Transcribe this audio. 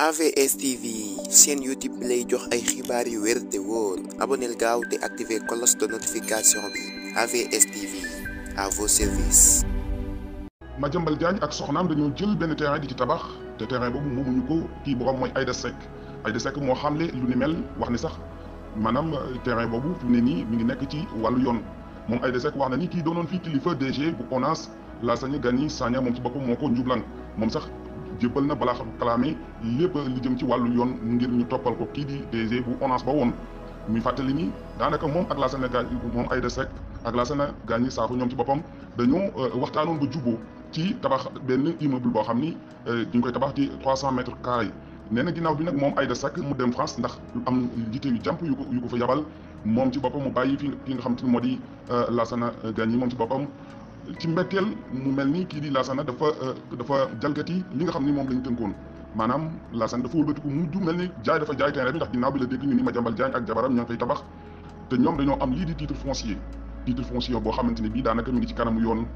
AVS TV seen YouTube bi lay jox ay xibaar yu wér te wóor aboneel gaaw te activer cloche de notification bi AVS TV à vos services. Madiambal Diagne ak soxnaam dañoo jël benn terrain di ci tabax te terrain boobu moomuñu ko kii borom mooy Aïda Seck Aïda Seck moo xamle lu ni mel wax ni sax maanaam euh, terrain boobu fi mu ne nii mi ngi nekk ci wàllu yoon moom Aïda Seck wax na ni kii doonoon fii kilifa DG bu ONAS Lassana Gagny Sagna moom ci boppam moo ko njublan moom sax. jébbal na balaa xam kalaame lépp li jëm ci wàllu yoon ngir ñu toppal ko kii di DG bu ONAS ba woon muy fàttali ni daanaka moom ak Lassana Gagny moom Aïda Seck ak Lassana Gagny Sakho ñoom ci boppam dañoo euh, waxtaanoon ba juboo ci tabax benn immeuble boo xam ni duñ euh, koy tabax ci 300 mètres carrés nee na ginnaaw bi nag moom Aïda sac mu dem France ndax am jiite yu jàmp yu ko yu ko fa yabal moom ci boppam mu bàyyi fi fi nga xam te ne moo di euh, Lassana Gagny moom ci boppam. ci mbetteel mu mel ni kii di Lassana dafa euh, dafa jalgati li nga xam ni moom lañ tënkoon maanaam Lassana dafa wëlbatiku mujj mel ni jaay dafa jaay terrain bi ndax ginnaaw bi la dégg ñu ni Madiambal Diagne ak jabaram ña ngi fay tabax te ñoom dañoo am lii di titre foncier titre foncier boo xamante ni bii daanaka mi ngi ci kanamu yoon